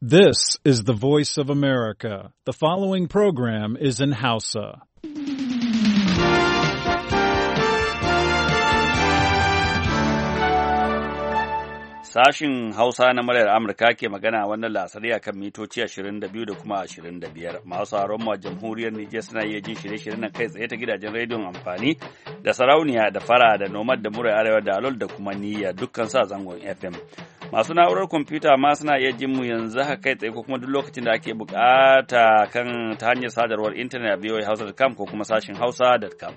This is the voice of America. The following program is in Hausa. Sashin Hausa na muryar Amurka ke magana wannan lasari kan mitoci 22 da kuma 25. Masu haron ma jamhuriyar Nijar suna iya jin shirye-shiryen na kai tsaye ta gidajen rediyon amfani da sarauniya da fara da nomad da mura arewa da alol da kuma niyya dukkan sa zangon FM. masu na'urar kwamfuta ma suna iya jin mu yanzu haka kai tsaye ko kuma duk lokacin da ake bukata kan ta hanyar sadarwar intanet a hausa.com ko kuma sashin hausa.com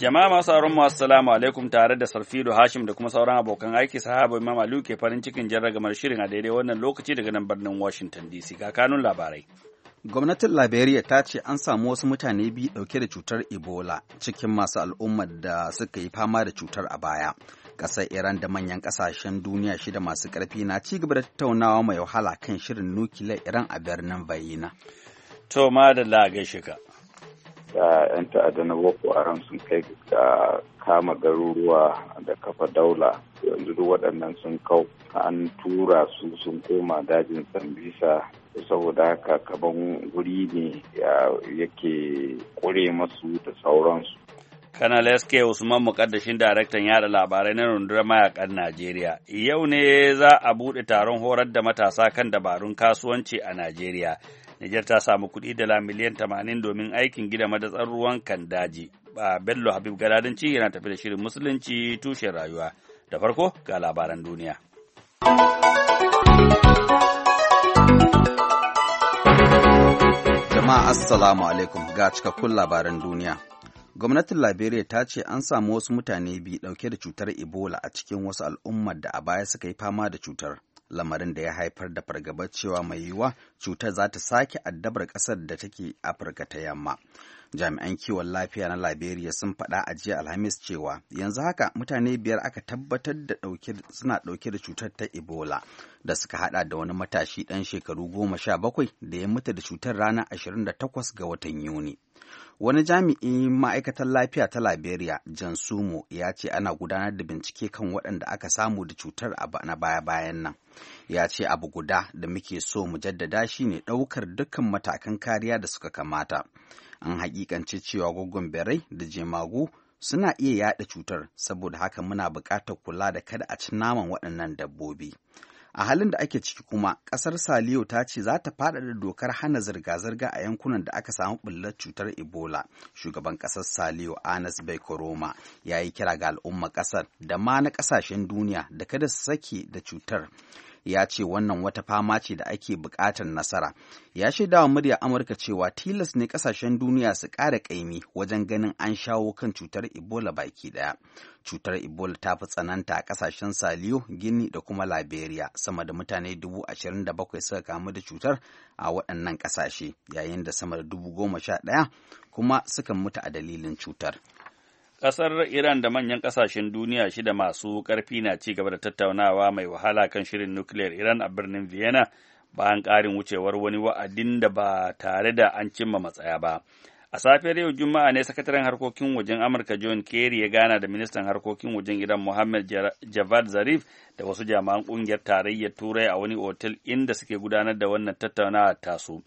Jama'a masu aron masu salamu alaikum tare da Sarfido Hashim da kuma sauran abokan aiki sahaba Imam Aliyu ke farin cikin jarragamar shirin a daidai wannan lokaci daga nan birnin Washington DC ga kanun labarai. Gwamnatin Liberia ta ce an samu wasu mutane biyu dauke da cutar Ebola cikin masu al'ummar da suka yi fama da cutar a baya. Ƙasar Iran da manyan ƙasashen duniya shida masu ƙarfi na ci gaba da tattaunawa mai wahala kan shirin nukiliyar Iran a birnin Bayina. To ma da gaishe shiga Da 'yan ta'adda na Boko Haram sun kai ga kama garuruwa da kafa daula yanzu duk waɗannan sun kau an tura su sun koma dajin Sambisa saboda haka kaban guri ne yake kure masu da sauransu kanal sk usman mukaddashin daraktan yada labarai na rundunar mayakan najeriya yau ne za a buɗe taron horar da matasa kan dabarun kasuwanci a najeriya Nijar ta samu kuɗi dala miliyan tamanin domin aikin gida madatsar ruwan kan daji. Bello Habib Galadanci yana tafi da shirin Musulunci tushen rayuwa. Da farko ga labaran duniya. Jama'a Assalamu alaikum ga cikakkun labaran duniya. Gwamnatin Liberia ta ce an samu wasu mutane biyu dauke da cutar Ebola a cikin wasu al'ummar da a baya suka yi fama da cutar, lamarin da ya haifar da fargabar cewa mai yiwuwa cutar za ta sake addabar ƙasar da take Afirka ta yamma. jami'an kiwon lafiya na liberia sun faɗa a jiya alhamis cewa yanzu haka mutane biyar aka tabbatar da suna ɗauke da cutar ta ebola da suka haɗa da wani matashi ɗan shekaru goma sha bakwai da ya mutu da cutar ranar 28 ga watan yuni wani jami'in ma'aikatar lafiya ta liberia jan sumo ya ce ana gudanar da bincike kan waɗanda aka samu da cutar na baya-bayan nan ya ce abu guda da muke so mu jaddada shine ɗaukar dukkan matakan kariya da suka kamata an hakikanci cewa goggon berai da jemagu suna iya yaɗa cutar saboda haka muna buƙatar kula da kada a ci naman waɗannan dabbobi a halin da ake ciki kuma ƙasar saliyo ta ce za ta faɗaɗa dokar hana zirga-zirga a yankunan da aka samu ɓullar cutar ebola shugaban ƙasar saliyo anas koroma ya yi kira ga al'umma ƙasar da ma na ƙasashen duniya da kada su sake da cutar ya ce wannan wata fama ce da ake buƙatar nasara ya shaida wa muryar amurka cewa tilas ne kasashen duniya su ƙara ƙaimi wajen ganin an shawo kan cutar ebola baki ɗaya cutar ebola ta fi tsananta a ƙasashen saliyo gini da kuma liberia sama da mutane dubu ashirin da bakwai suka kamu da cutar a waɗannan ƙasashe yayin da sama da dubu goma sha ɗaya kuma suka mutu a dalilin cutar Ƙasar Iran da manyan ƙasashen duniya shida masu ƙarfi na ci gaba da tattaunawa mai wahala kan shirin nukiliyar Iran a birnin Vienna bayan ƙarin wucewar wani wa'adin da ba tare da an cimma matsaya ba. A safiyar yau Juma'a ne sakataren harkokin wajen Amurka John Kerry ya gana da ministan harkokin wajen Iran Mohammed Javad Zarif da wasu jami'an ƙungiyar tarayyar Turai a wani otel inda suke gudanar da wannan tattaunawa tasu.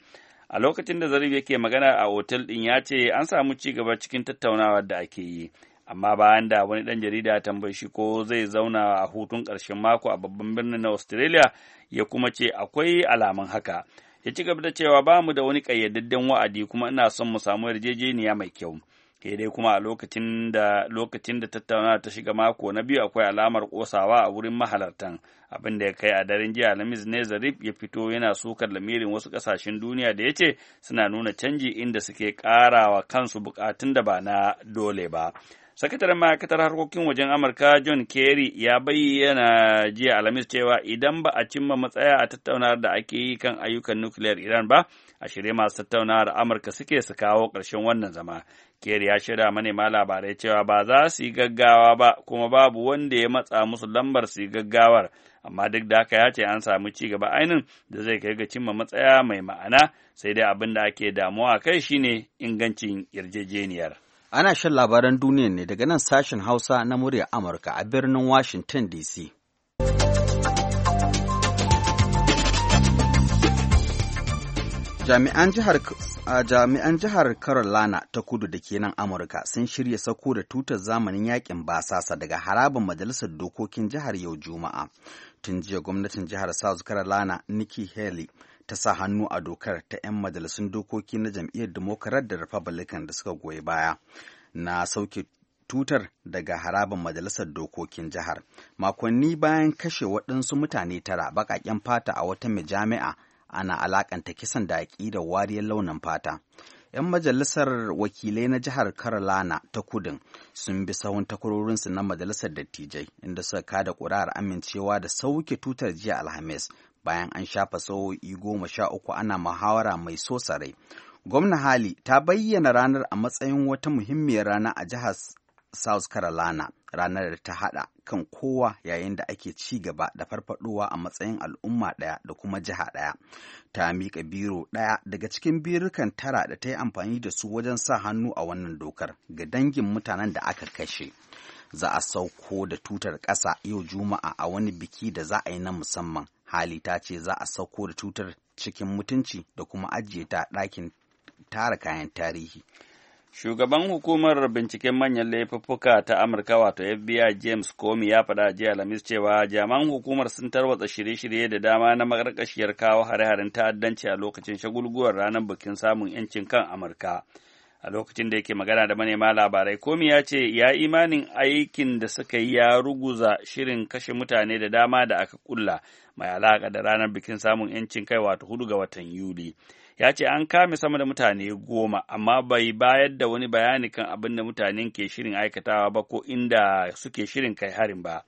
a lokacin da zarif yake magana a otel ɗin ya ce an samu ci gaba cikin tattaunawar da ake yi amma bayan da wani ɗan jarida ya tambayi shi ko zai zauna a hutun ƙarshen mako a babban birnin na australia ya kuma ce akwai alamun haka ya ci gaba da cewa ba mu da wani ƙayyadadden wa'adi kuma ina son mu samu yarjejeniya mai kyau ke dai kuma a lokacin da lokacin da tattaunawa ta shiga mako na biyu akwai alamar kosawa a wurin mahalartan abin da ya kai a daren jiya alhamis ne zarif ya fito yana sukar lamirin wasu kasashen duniya da yace suna nuna canji inda suke karawa kansu bukatun da ba na dole ba sakataren ma'aikatar harkokin wajen amurka john kerry ya bayyana jiya alhamis cewa idan ba a cimma matsaya a tattaunawar da ake yi kan ayyukan nukiliyar iran ba a shirye masu tattaunawar amurka suke su kawo ƙarshen wannan zama keri ya shirya manema labarai cewa ba za su yi gaggawa ba kuma babu wanda ya matsa musu lambar su yi gaggawar amma duk da haka ya ce an samu ci gaba ainin da zai kai ga cimma matsaya mai ma'ana sai dai abin da ake damuwa kai shine ingancin yarjejeniyar ana shan labaran duniya ne daga nan sashen hausa na murya amurka a birnin washington dc Jami'an jihar Carolina ta kudu da ke nan Amurka sun shirya sako da tutar zamanin yakin basasa daga harabin majalisar dokokin jihar yau Juma'a. Tun jiya gwamnatin jihar South Carolina Nikki Haley ta sa hannu a dokar ta 'yan majalisun dokoki na jam'iyyar Democrat da Republican da suka goyi baya na sauke tutar daga harabar majalisar dokokin jihar makonni bayan kashe waɗansu mutane tara baƙaƙen fata a wata majami'a ana alakanta kisan da da wariyar launin fata. 'Yan majalisar wakilai na jihar Carolina ta kudin sun bi sahun takwarorinsu na majalisar dattijai inda suka kada ƙuri'ar amincewa da sauke tutar jiya Alhamis bayan an shafa sa'o'i goma sha uku ana muhawara mai so sarai. Gwamna Hali ta bayyana ranar a matsayin wata muhimmiyar rana a jihar South Carolina ranar da ta haɗa kan kowa yayin da ake ci gaba da farfadowa a matsayin al'umma ɗaya da kuma jiha ɗaya. Ta miƙa biro ɗaya daga cikin birukan tara da ta yi amfani da su wajen sa hannu a wannan dokar ga dangin mutanen da aka kashe. Za a sauko da tutar ƙasa yau Juma'a a wani biki da za a yi na musamman. Hali ta ce za a sauko da tutar cikin mutunci da kuma ajiye ta ɗakin tara kayan tarihi. Shugaban hukumar binciken manyan laifuffuka ta Amurka wato FBI James Comey ya faɗa jiya Alhamis cewa jaman hukumar sun tarwatsa shirye-shirye da dama na makarkashiyar kawo hare-haren ta'addanci a lokacin shagulguwar ranar bikin samun 'yancin kan Amurka. A lokacin da yake magana da manema labarai, Comey ya ce ya imanin aikin da suka yi ya ruguza shirin kashe mutane da dama da aka kulla mai alaƙa da ranar bikin samun 'yancin kai wato hudu ga watan Yuli. ya ce an kame sama da mutane goma amma bai bayar da wani bayani kan abin da mutanen ke shirin aikatawa ba ko inda suke shirin kai harin ba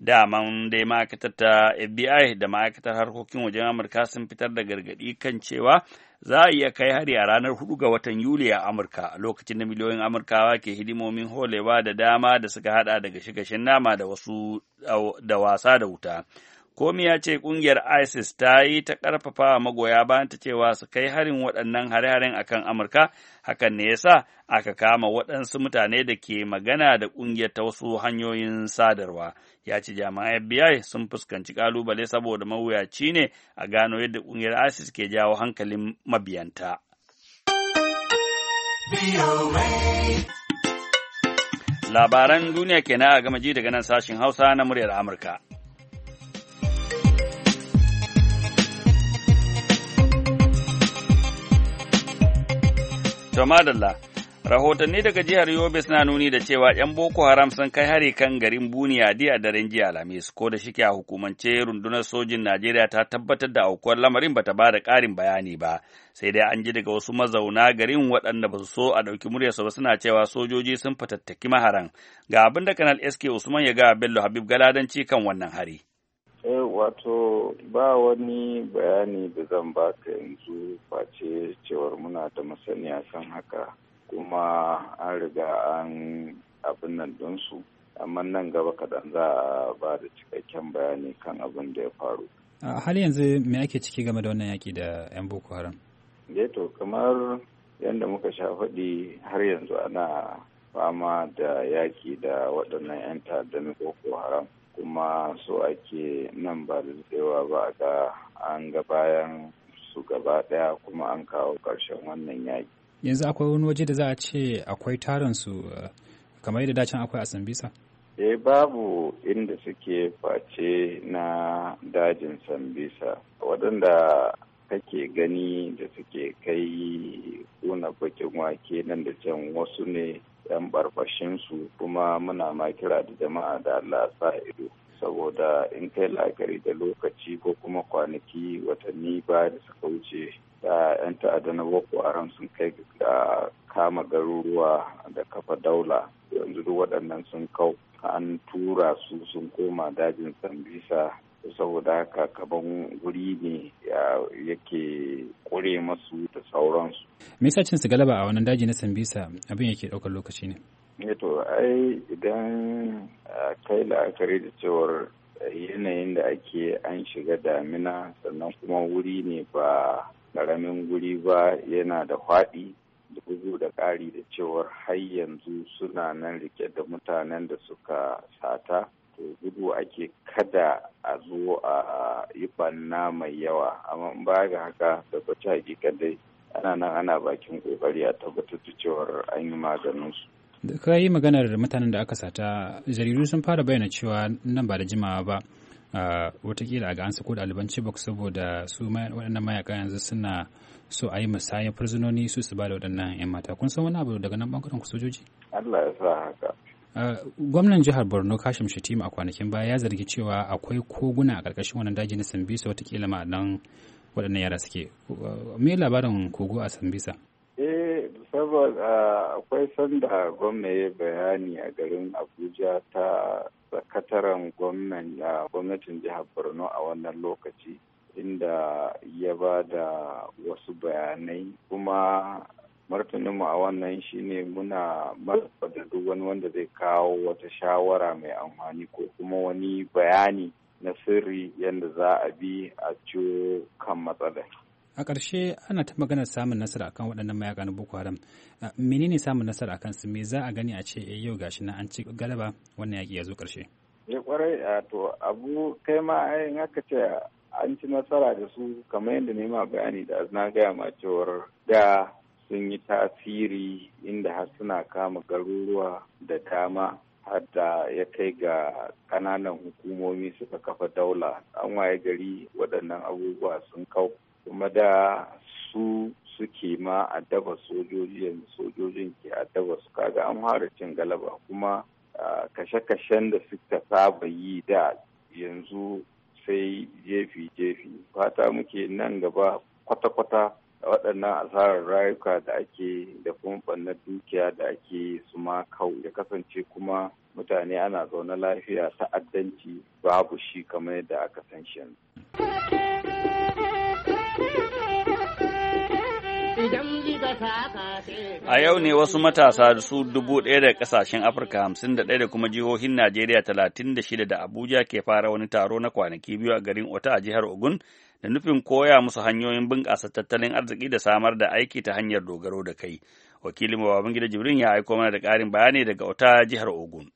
daman dai ma'aikatar ta fbi da ma'aikatar harkokin wajen amurka sun fitar da gargaɗi kan cewa za a iya kai hari a ranar 4 ga watan yuli a amurka lokacin da miliyoyin amurkawa ke hidimomin holewa da dama da suka hada da gashe nama da wasu da wasa da wuta Komi ya ce ƙungiyar ISIS ta yi ta ƙarfafa magoya bayan ta cewa su kai harin waɗannan hare-haren akan Amurka, hakan ne yasa aka kama waɗansu mutane da ke magana da ƙungiyar ta wasu hanyoyin sadarwa. Ya ce jami'an FBI sun fuskanci ƙalubale saboda mawuyaci ne a gano yadda ƙungiyar ISIS ke jawo hankalin mabiyanta. Labaran duniya kenan a gama ji daga nan sashin Hausa na muryar Amurka. To madalla, rahotanni daga jihar Yobe suna nuni da cewa 'yan Boko Haram sun kai hari kan garin Buniya di a daren jiya Alhamis, ko da shike a hukumance rundunar sojin Najeriya ta tabbatar da aukuwar lamarin bata ba da ƙarin bayani ba, sai dai an ji daga wasu mazauna garin waɗanda ba su so a ɗauki muryarsu ba suna cewa sojoji sun fatattaki maharan. Ga abin da Kanal SK Usman ya ga Bello Habib Galadanci kan wannan hari. Eh wato ba wani bayani da zan baka yanzu face cewar muna da masaniya kan haka kuma an riga an abin nan su amma nan gaba kaɗan za a ba da cikakken bayani kan abin da ya faru. A hali yanzu me ake ciki game da wannan yaƙi da 'yan Boko Haram? Eh to kamar yadda muka sha faɗi har yanzu ana fama da yaƙi da waɗannan 'yan ta'addan Boko Haram. kuma so ake nan ba da ba ga an ga bayan su gaba ɗaya kuma an kawo ƙarshen wannan yaki. yanzu akwai wani waje da za a ce akwai tarin su kamar yadda dacin akwai a sambisa e babu inda suke face na dajin sambisa waɗanda kake gani da suke kai kuna bakin wake nan da can wasu ne 'yan barbashinsu kuma muna ma kira da jama'a da Allah sa ido saboda in kai la'akari da lokaci ko kuma kwanaki watanni ba da suka wuce da 'yan ta'adda na boko haram sun kai ga kama garuruwa da kafa daula yanzu duk waɗannan sun kau an tura su sun koma dajin sambisa saboda haka kaban guri ne yake kure masu da sauransu. Me yasa cin su galaba a wannan daji na Sambisa abin yake ɗaukar lokaci ne? Ne eh to ai idan kai la'akari da cewar yanayin da ake an shiga damina sannan kuma wuri ne ba ƙaramin guri ba yana da faɗi da bugu da ƙari da cewar har yanzu suna nan rike da mutanen da suka sata. gudu ake kada a zo a yi banna mai yawa amma in ba ga haka kwace hakika dai ana nan ana bakin kokari a tabbatar da cewar an yi maganin su da ka yi maganar mutanen da aka sata jaridu sun fara bayyana cewa nan ba da jimawa ba watakila ga an sako ɗaliban Chibok saboda su waɗannan mayaka yanzu suna so a yi musaya fursunoni su su ba da waɗannan 'yan mata kun san wani abu daga nan ɓangaren sojoji? Allah ya sa haka Uh, gwamnan jihar borno kashim shatima a kwanakin baya ya zargi cewa akwai koguna a ƙarƙashin wannan daji na sambisa watakila ma'adan waɗannan yara suke uh, me labarin kogo a sambisa eh saboda uh, akwai sanda gwamna ya bayani a garin abuja ta sakataren gwamnatin jihar borno a wannan lokaci inda ya ba da wasu bayanai kuma martaninmu a wannan shine muna martaba da duk wani wanda zai kawo wata shawara mai amfani ko kuma wani bayani na sirri yadda za a bi a ciwo kan matsalar. a ƙarshe ana ta maganar samun nasara akan waɗannan mayakan na boko haram menene samun nasara akan su me za a gani a ce eh, yau gashi na an ci galaba wannan yaƙi ya zo ƙarshe ya eh, kwarai to abu kai ma in aka ce an ci nasara da su kamar yadda nema bayani da na gaya ma cewar da sun yi tasiri inda har suna kama garuruwa da dama har ya kai ga kananan hukumomi suka kafa daula an waye gari waɗannan abubuwa sun kau kuma da su suke ma addaba sojoji yanzu sojojin ke addaba su kaga an fara cin galaba kuma kashe-kashen da suka saba yi da yanzu sai jefi-jefi fata muke nan gaba kwata-kwata da waɗannan asarar rayuka da ake da kuma ɓannar dukiya da ake su ma kau ya kasance kuma mutane ana zaune lafiya ta'addanci babu shi kamar yadda aka san shi A yau ne wasu matasa su dubu ɗaya da ƙasashen Afirka hamsin da ɗaya da kuma jihohin Najeriya talatin da shida da Abuja ke fara wani taro na kwanaki biyu a garin Ota a jihar Ogun da nufin koya musu hanyoyin bunƙasa tattalin arziki da samar da aiki ta hanyar dogaro da kai. Wakilin babban gida Jibrin ya aiko mana da ƙarin bayani daga wata jihar Ogun.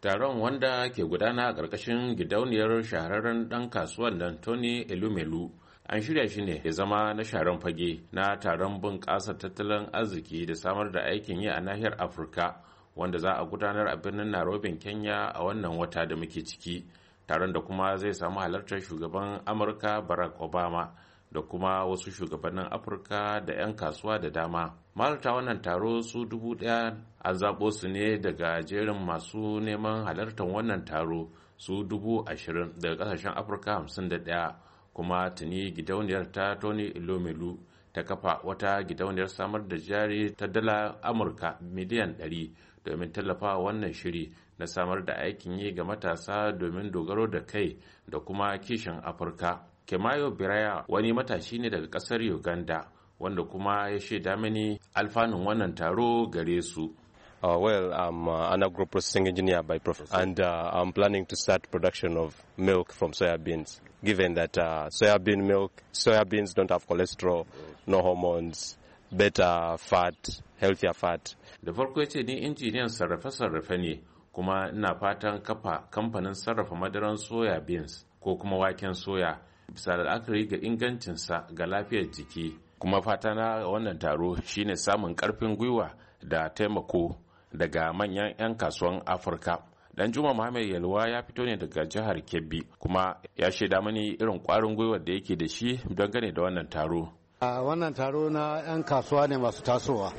taron wanda ke gudana a ƙarƙashin gidauniyar shahararren ɗan kasuwan nan tony elumelu an shirya shi ne ya zama na sharan fage na taron bunƙasa tattalin arziki da samar da aikin yi a nahiyar afirka wanda za a gudanar a birnin nairobi kenya a wannan wata da muke ciki taron da kuma zai samu halartar shugaban amurka barack obama da kuma wasu shugabannin afirka da 'yan kasuwa da dama malarta wannan taro su dubu daya an zaɓo su ne daga jerin masu neman halartar wannan taro su dubu ashirin daga kasashen afirka hamsin da daya kuma tuni gidauniyar ta tony ilomelu ta kafa wata gidauniyar samar da jari ta dala amurka miliyan 100 domin tallafa wannan shiri na samar da aikin yi ga matasa domin dogaro da kai da kuma kishin afirka kemayo biraya wani matashi ne daga kasar uganda wanda kuma ya shaida mini alfanun wannan taro gare su Uh, well, I'm uh, an agro processing engineer by profession, and uh, I'm planning to start production of milk from soybeans. Given that uh, soybean milk, soybeans don't have cholesterol, no hormones, better fat, healthier fat. Da farko ya ce ni injiniyan sarrafe-sarrafe ne kuma ina fatan kafa kamfanin sarrafa madaran soya beans ko kuma waken soya bisa da la'akari ga ingancinsa ga lafiyar jiki kuma fata na wannan taro shine samun karfin gwiwa da taimako daga manyan 'yan kasuwan afirka dan juma muhammad yalwa ya fito ne daga jihar kebbi kuma ya shaida mani irin kwarin gwiwar da yake da shi don gane da wannan taro wannan taro na 'yan kasuwa ne masu tasowa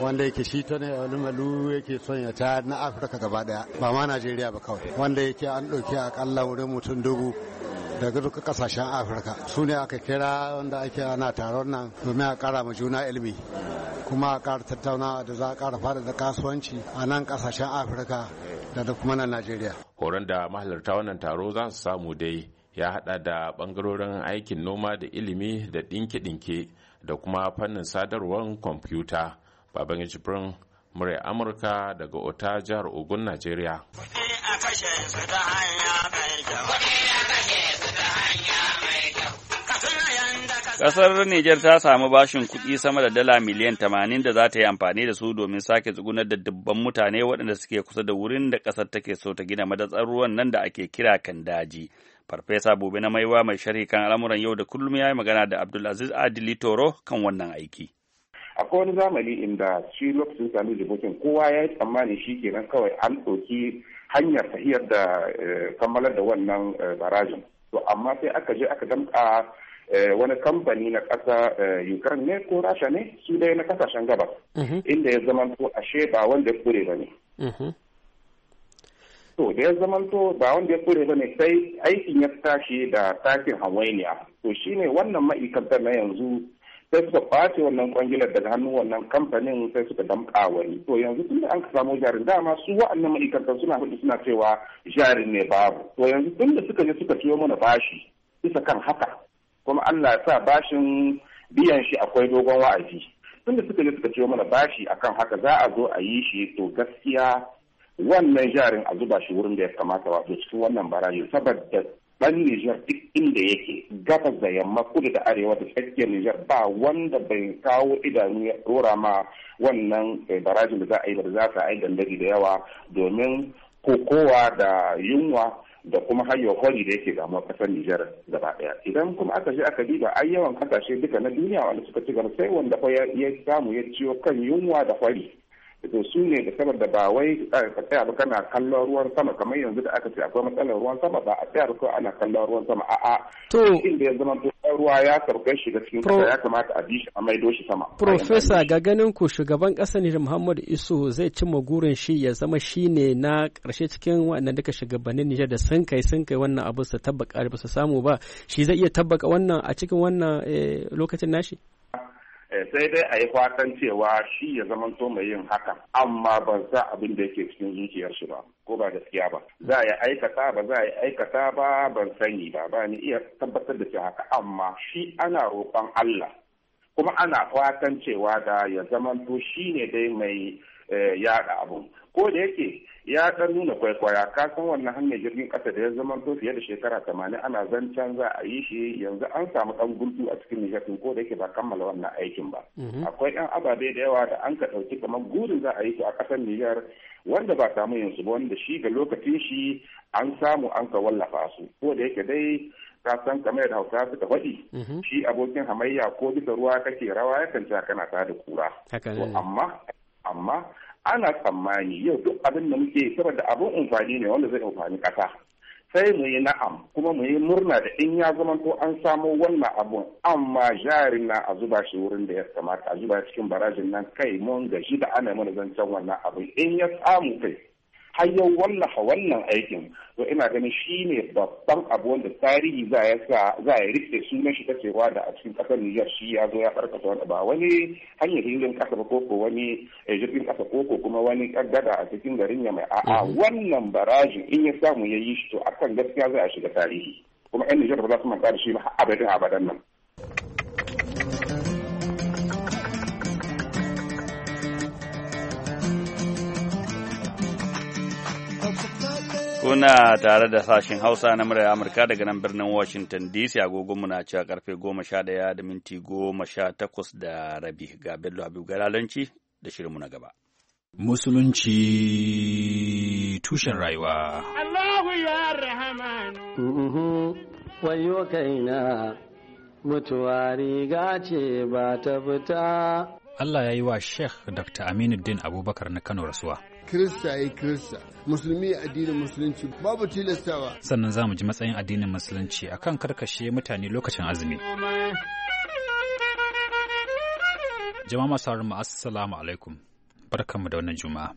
wanda yake shi ta ne malu yake son ya tayar na afirka gaba daya ba ma najeriya ba kawai wanda yake an ɗauki akalla wurin mutum dubu daga duka kasashen afirka su ne aka kira wanda ake ana taron nan domin a kara ma juna ilimi kuma a kara tattaunawa da za a kara fara da kasuwanci a nan kasashen afirka da da kuma na najeriya horon da mahalarta wannan taro za su samu dai ya hada da bangarorin aikin noma da ilimi da dinke ɗinke da kuma fannin sadarwar kwamfuta Babangiji Brown murya Amurka daga Ota jihar Ogun Najeriya. ta Ƙasar Nijar ta samu bashin kuɗi sama da dala miliyan tamanin da za ta yi amfani da su domin sake tsugunar da dubban mutane waɗanda suke kusa da wurin da ƙasar take so ta gina madatsar ruwan nan da ake kira kan daji. Farfesa Bobe na Maiwa mai sharhi kan al'amuran yau da kullum ya yi magana da Abdulaziz Adili Toro kan wannan aiki. akwai wani zamani inda shi lokacin sami jibokin kowa ya yi tsammani shi kenan kawai an ɗauki hanyar hiyar da eh, kammalar da wannan eh, barajin to amma sai aka je aka damka eh, wani kamfani na ƙasa ukraine ne ko rasha ne su dai na kasashen gabas mhm. inda ya zamanto ashe ba wanda ya kure ba ne mhm. to da ya zamanto ba wanda ya kure ba ne sai aikin ya tashi da takin hawainiya to shine wannan ma'aikatar na yanzu sai suka kwace wannan kwangilar daga hannun wannan kamfanin sai suka damƙa wani to yanzu tun da an ka samu jarin dama su wa'annan ma'aikatan suna hudu suna cewa jarin ne babu to yanzu tun da suka je suka ciyo mana bashi bisa kan haka kuma Allah ya sa bashin biyan shi akwai dogon wa'azi tun da suka je suka ciyo mana bashi akan haka za a zo a yi shi to gaskiya wannan jarin a zuba shi wurin da ya kamata wato cikin wannan barayi saboda dan Nijar duk inda yake gabas da yamma kudu da arewa da tsakiyar Nijar ba wanda bai kawo idanu ya dora ma wannan eh, barajin da za a yi da za ta yi dandali da yawa domin kokowa da yunwa da kuma hanyar kwari da yake damuwa kasar Nijar gaba daya idan kuma aka je aka diba ai yawan kasashe duka na duniya wanda suka ci gaba sai wanda ya samu ya ciwo kan yunwa da kwari to su ne da saboda ba wai ka tsaya ba kana kallon ruwan sama kamar yanzu da aka ce akwai matsalar ruwan sama ba a tsaya ba kawai ana kallon ruwan sama a a to inda ya zama ruwa ya sauka shi da cikin ya kamata a bi shi a maido shi sama professor ga ganin ku shugaban ƙasar ne Muhammadu Isu zai cimma gurin shi ya zama shi ne na karshe cikin wannan duka shugabannin Nijar da sun kai sun kai wannan abu su tabbaka ba su samu ba shi zai iya tabbaka wannan a cikin wannan eh, lokacin nashi Eh, sai dai a yi fatan cewa shi ya zamanto mai yin haka. amma ban sa abin da yake cikin zuciyarsu ba ko ba gaskiya ba za a yi aikata ba za a yi aikata ba ban sani ba ba ni iya tabbatar da shi haka amma shi ana roƙon Allah kuma ana fatan cewa da ya zamanto shi ne dai mai eh, yada abun ko da yake ya ɗan nuna kwaikwaya ka san wannan hanyar jirgin ƙasa da ya zama to fiye da shekara tamanin ana zancen za a yi shi yanzu an samu ɗan guntu a cikin nijar ko da yake ba kammala wannan aikin ba mhm. akwai ɗan ababe da yawa da an ka ɗauki kamar gurin za a yi su a ƙasar nijar wanda ba samu yanzu ba wanda shi ga lokacin shi an samu an ka wallafa su ko da yake dai ka san kamar da hausa suka faɗi mhm. shi abokin hamayya ko bisa ruwa kake rawa yakan kanta kana ta da kura amma amma ana tsammani yau duk abin da muke saboda abin amfani ne wanda zai amfani kasa sai mu yi na'am kuma mu yi murna da in ya zamanto an samo wannan abun amma jari na a zuba shi wurin da ya kamata a zuba cikin barajin nan kai mun gashi da ana mana zancen wannan abun in ya samu kai har yau wallafa wannan aikin to ina ganin shi ne babban abu wanda tarihi za ya rike sunan shi da a cikin kasar Niger shi ya zo ya farkata wani ba wani hanyar hirin kasa ba koko wani eh, jirgin kasa koko kuma wani kaddada a cikin garin ya mai a'a mm-hmm. wannan barajin in ya samu ya yi shi to akan gaskiya za a shiga tarihi kuma yan Niger ba za su manta da shi ba abadin abadan nan Kuna tare da sashen Hausa na murar Amurka daga nan birnin Washington DC agogonmu na cewa karfe goma sha ɗaya da minti goma sha takwas da rabi ga Bello Habib Galalanci da shirinmu na gaba. Musulunci tushen rayuwa. Allahu ya rahamanu. Mm-hmm. Wayo kaina mutuwa riga ce ba ta fita. Allah ya yi wa Sheikh Dr. Aminuddin Abubakar na Kano rasuwa. kirista ya kirista musulmi addinin musulunci babu tilastawa sannan za mu ji matsayin addinin musulunci a kan karkashe mutane lokacin azumi jama'a masu mu assalamu alaikum barkanmu da wannan juma'a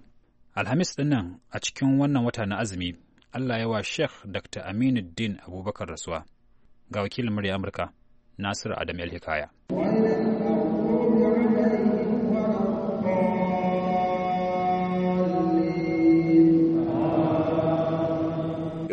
alhamis dinnan a cikin wannan wata na azumi allah yawa sheikh dr aminu din abubakar rasuwa ga wakilin murya amurka nasiru adam el hikaya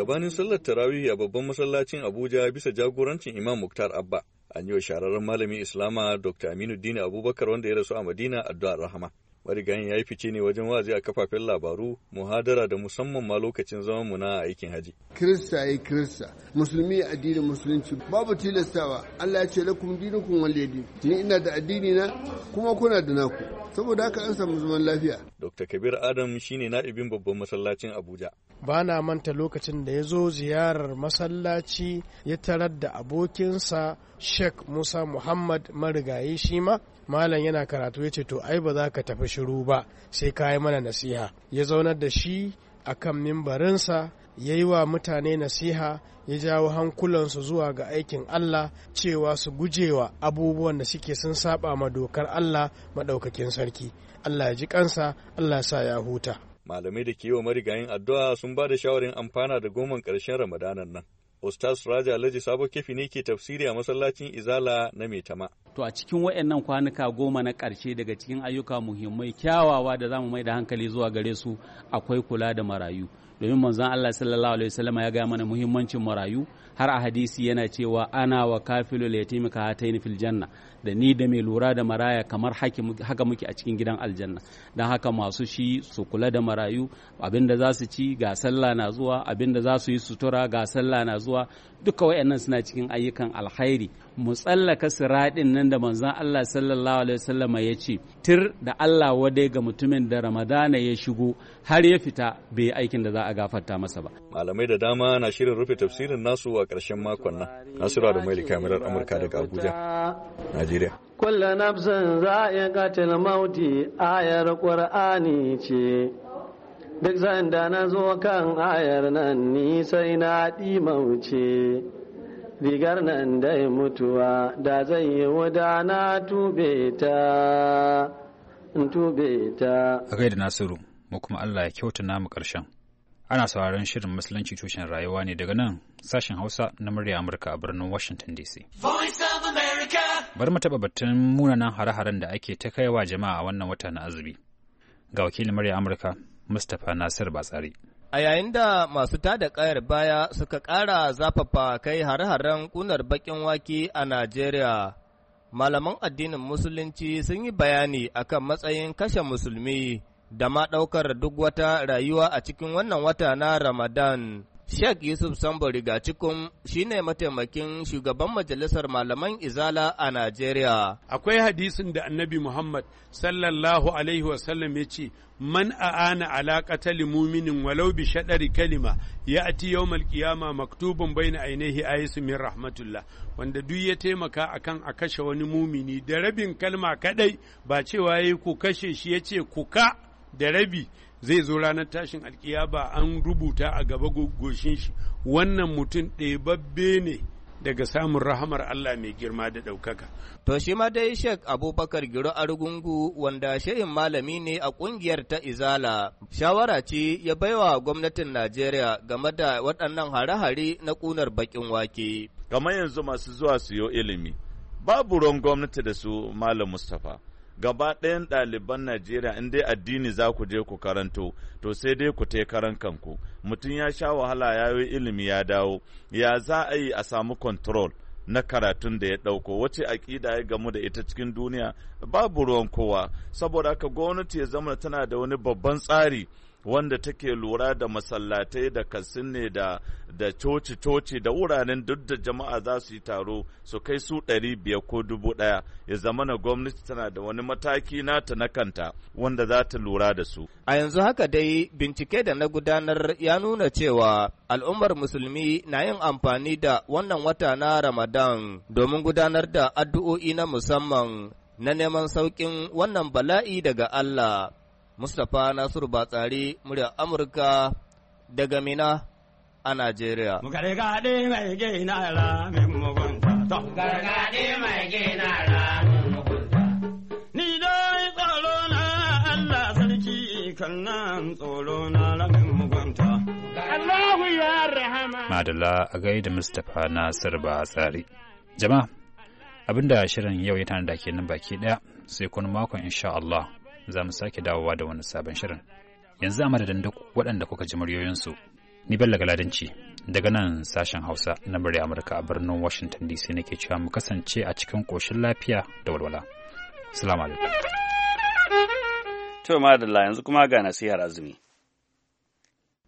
Gabanin sallar tarawih a babban masallacin Abuja bisa jagorancin Imam Muktar Abba, an yi wa shahararren malamin Islama Dr. Aminu Dini Abubakar wanda ya rasu a Madina addu'ar rahama. marigayin ya yi fice ne wajen wazi a kafafen labaru muhadara da musamman ma lokacin zaman mu na aikin haji kirista ya kirista musulmi ya addinin musulunci babu tilastawa allah ya ce lakum dinukum waliyadin ni ina da addini na kuma kuna da naku saboda haka an samu zaman lafiya dr kabir adam shine na'ibin babban masallacin abuja ba na manta lokacin da ya zo ziyarar masallaci ya tarar da abokinsa sheikh musa muhammad marigayi shi ma malam yana karatu ya ce to ai ba za ka tafi shiru ba sai ka yi mana nasiha ya zaunar da shi a kan mimbarinsa ya yi wa mutane nasiha ya jawo hankulansu zuwa ga aikin Allah cewa su gujewa abubuwan da suke sun saba ma dokar Allah maɗaukakin sarki Allah ya ji kansa Allah sa ya huta malamai da ke yi wa marigayin addu'a sun ba da shawarin amfana da goman ƙarshen ramadanan nan Ustaz Raja Alhaji Sabo Kefi ne ke tafsiri a masallacin Izala na Maitama. To a cikin wayannan kwanuka goma na ƙarshe daga cikin ayyuka muhimmai kyawawa da za mai da hankali zuwa gare su akwai kula da marayu. domin manzon Allah sallallahu alaihi wasallam ya gaya mana muhimmancin marayu har a hadisi yana cewa ana wa kafilul yatimi ka hataini fil janna da ni da mai lura da maraya kamar haka muke a cikin gidan aljanna don haka masu shi su kula da marayu abinda za su ci ga sallah na zuwa abinda za su yi sutura ga sallah na zuwa duka wayannan suna cikin ayyukan alkhairi mu tsallaka siraɗin nan da manzon Allah sallallahu alaihi wasallam ya ce tir da Allah wadai ga mutumin da Ramadana ya shigo har ya fita bai yi aikin da za a gafarta masa ba malamai da dama na shirin rufe tafsirin nasu a ƙarshen makon nan Nasiru da mai kamarar Amurka daga Abuja Najeriya kullu nafsin za'iqatul mauti ayar Qur'ani ce duk zan da na zo kan ayar nan ni sai na ɗi mauce. rigar nan ya mutuwa da zai yi wuda na tube ta tube ta a gaida nasiru mu kuma Allah ya kyauta namu karshen ana sauraron shirin musulunci tushen rayuwa ne daga nan sashen hausa na murya amurka a birnin washington dc bari mu taɓa batun munanan hare-haren da ake ta kaiwa jama'a wannan wata na azumi ga wakilin murya amurka mustapha nasir batsari A yayin da masu tada ƙayar baya suka ƙara zafafa kai har haren ƙunar baƙin wake a Najeriya, malaman addinin Musulunci sun yi bayani akan matsayin kashe musulmi da ma ɗaukar duk wata rayuwa a cikin wannan wata na Ramadan. Sheikh Yusuf Sambo Rigacikun shi ne mataimakin shugaban majalisar malaman Izala a Najeriya. Akwai hadisin da annabi Muhammad sallallahu Alaihi wasallam ya ce, Man a'ana ala qatali muminin walau bi shaɗari kalima ya ati yawmal qiyama maktubun baina ainihi a min rahmatullah wanda duk ya taimaka akan a kashe wani mumini da rabin kalma kaɗai ba cewa yayi ku kashe shi yace ku ka da rabi zai zo ranar tashin alkiyaba an rubuta a gaba goshin shi wannan mutum ɗebabbe ne daga samun rahamar Allah mai girma da ɗaukaka. To shi ma dai Sheikh Abubakar Giro Argungu wanda shehin malami ne a ƙungiyar ta Izala, shawara ce ya baiwa gwamnatin Najeriya game da waɗannan hare-hare na ƙunar baƙin wake. Kamar yanzu masu zuwa siyo ilimi, babu ruwan gwamnati da su Malam Mustapha. gaba ɗayan ɗaliban Najeriya in dai addini za ku je ku karanto to sai dai ku te karan kanku mutum ya sha wahala ya yi ilimi ya dawo ya za a yi a samu control na karatun da ya ɗauko wace aƙida ya gamu da ita cikin duniya babu ruwan kowa saboda haka gwamnati ya zama tana da wani babban tsari wanda take lura da masallatai da kasinne da da coci-coci da wuraren duk da jama'a za su yi taro su kai su ɗari biyar ko dubu ɗaya ya zama na gwamnati tana da wani mataki nata na kanta wanda za ta lura da su. A yanzu haka dai bincike da na gudanar ya nuna cewa al'ummar musulmi na yin amfani da wannan wata na Ramadan domin gudanar da addu'o'i na musamman na neman sauƙin wannan bala'i daga Allah. Mustapha Nasiru Batsari murya Amurka daga Mina a Najeriya. Gargaɗe mai sarki kan nan na mugunta. Allahu Madalla a gaida Mustapha Nasiru Batsari. Jama'a abinda shirin yau ya tana da ke nan baki ɗaya, sai kun makon insha Allah za mu sake dawowa da wani sabon shirin yanzu a madadin duk waɗanda kuka ji muryoyinsu ni bella galadanci daga nan sashen hausa na murya amurka a birnin washington dc nake cewa mu kasance a cikin koshin lafiya da walwala salamu alaikum to madalla yanzu kuma ga nasihar azumi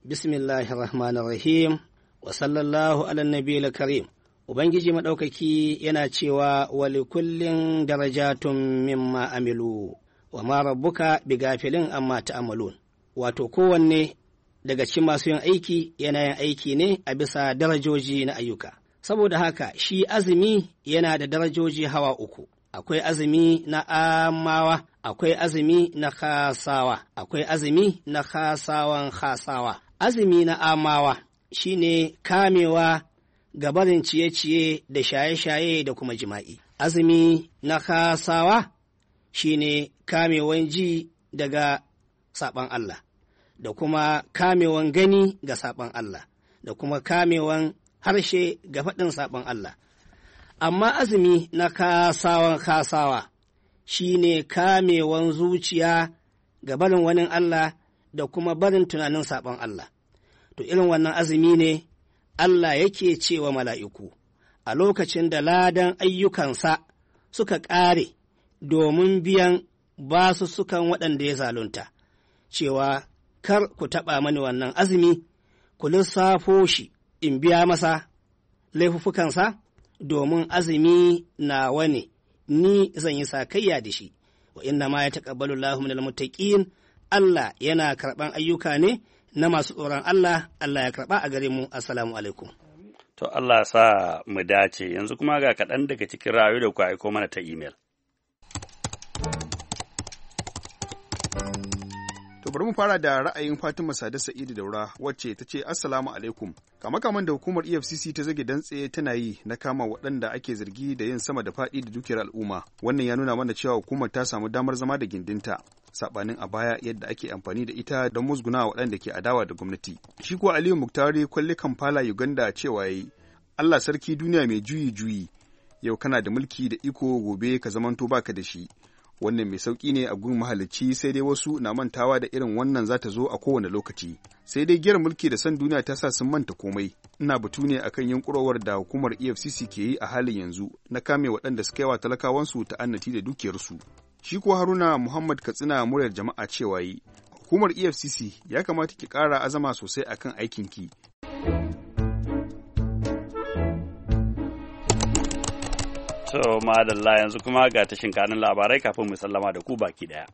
bismillahir rahmanir rahim wa sallallahu ala nabiyil karim ubangiji madaukaki yana cewa wa kullin darajatun mimma amilu wa ma rabbuka bigafilin amma amalun wato kowanne daga cikin masu yin aiki yana yin aiki ne a bisa darajoji na ayyuka saboda haka shi azumi yana da darajoji hawa uku akwai azumi na amawa akwai azumi na khasawa akwai azumi na khasawan khasawa azumi na amawa shine kamewa ga barin ciye-ciye da shaye-shaye da kuma jima'i azumi na khasawa shine kamewan ji daga saɓan Allah da kuma kamewan gani ga saɓan Allah da kuma kamewan harshe ga faɗin saɓan Allah amma azumi na kasawan kasawa shi ne kamewan zuciya ga barin wani Allah da kuma barin tunanin saɓon Allah. To irin wannan azumi ne Allah yake cewa mala'iku a lokacin da ladan ayyukansa suka ƙare domin biyan basussukan waɗanda ya zalunta, cewa kar ku taɓa mani wannan azumi, ku lissafo shi in biya masa laifuffukansa domin azumi na wani ni zan yi sakayya da shi, wa inna ma ya taƙabbalu Allahu minal muttaqin Allah yana karɓan ayyuka ne na masu tsoron Allah, Allah ya karɓa a gare mu, Assalamu alaikum. To Allah sa mu dace, yanzu kuma ga kaɗan daga cikin rayu da ku aiko mana ta imel. To bari mu fara da ra'ayin Fatima Sade Sa'idu Daura wacce ta ce Assalamu alaikum. Kama kaman da hukumar EFCC ta zage dantse tana yi na kama waɗanda ake zargi da yin sama da faɗi da dukiyar al'umma. Wannan ya nuna mana cewa hukumar ta samu damar zama da gindinta. sabanin a baya yadda ake amfani da ita don musguna waɗanda ke adawa da gwamnati. Shi kuwa Aliyu Muktari kwalle Kampala Uganda cewa yi Allah sarki duniya mai juyi juyi yau kana da mulki da iko gobe ka zamanto baka da shi wannan mai sauƙi ne a gun mahalicci sai dai wasu na mantawa da irin wannan za ta zo a kowane lokaci sai dai giyar mulki da san duniya ta sa sun manta komai ina batu ne akan yunkurowar da hukumar efcc ke yi a halin yanzu na kame waɗanda suka wa talakawansu ta annati da dukiyarsu shi ko haruna muhammad katsina muryar jama'a cewa yi hukumar efcc ya kamata ki ƙara azama sosai akan aikin ki. To, madalla yanzu kuma ga tashin kanin labarai kafin mu sallama da ku baki daya.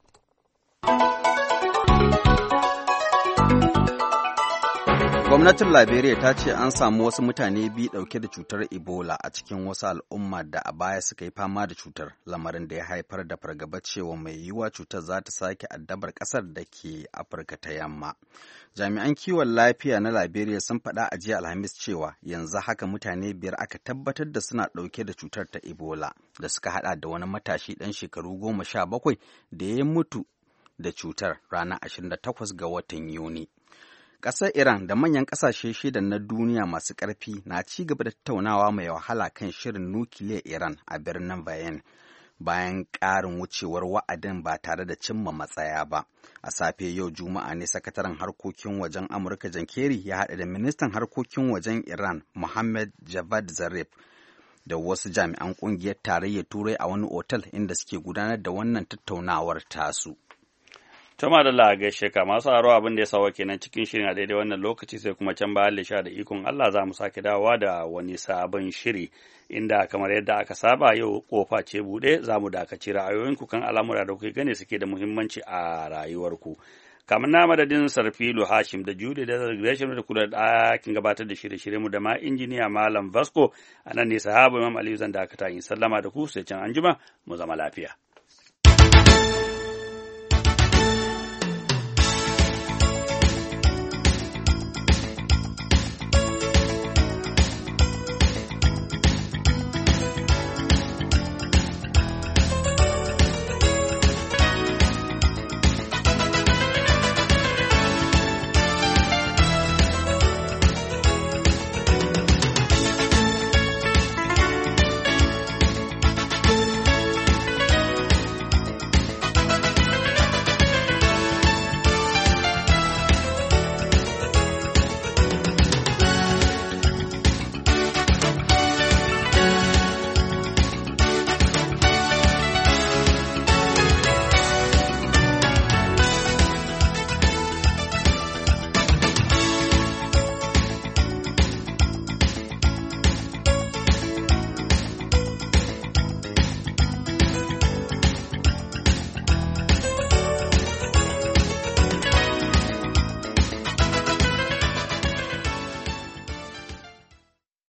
Gwamnatin Liberia ta ce an samu wasu mutane biyu ɗauke da cutar Ebola a cikin wasu al'umma da a baya suka yi fama da cutar, lamarin da ya haifar da fargaba cewa mai yiwuwa cutar za ta sake addabar ƙasar da ke Afirka ta yamma. Jami'an kiwon lafiya na Liberia sun faɗa a jiya Alhamis cewa yanzu haka mutane biyar aka tabbatar da suna ɗauke da cutar ta Ebola da suka haɗa da wani matashi ɗan shekaru goma sha bakwai da ya mutu da cutar ranar 28 ga watan Yuni. Ƙasar Iran da manyan ƙasashe shida na duniya masu ƙarfi na ci gaba da tattaunawa mai wahala kan shirin nukiliyar Iran a birnin Bayan. Bayan ƙarin wucewar wa'adin ba tare da cimma matsaya ba. A safe yau Juma'a ne sakataren harkokin wajen Amurka Jan Kerry ya haɗa da ministan harkokin wajen Iran Mohammed Javad Zarif da wasu jami'an ƙungiyar tarayyar Turai a wani otal inda suke gudanar da wannan tattaunawar tasu. Tama da Allah ga masu haro abin da ya sawa kenan cikin shirin a daidai wannan lokaci sai kuma can bayan lisha da ikon Allah za mu sake dawowa da wani sabon shiri inda kamar yadda aka saba yau kofa ce buɗe za mu dakaci ra'ayoyinku kan al'amura da kuke gane suke da muhimmanci a rayuwarku. kamar na madadin sarfilu hashim da jude da gresham da kula da ɗakin gabatar da shirye-shirye mu da ma injiniya malam vasco a nan ne sahaba imam aliyu zan dakata in sallama da ku sai can anjima mu zama lafiya.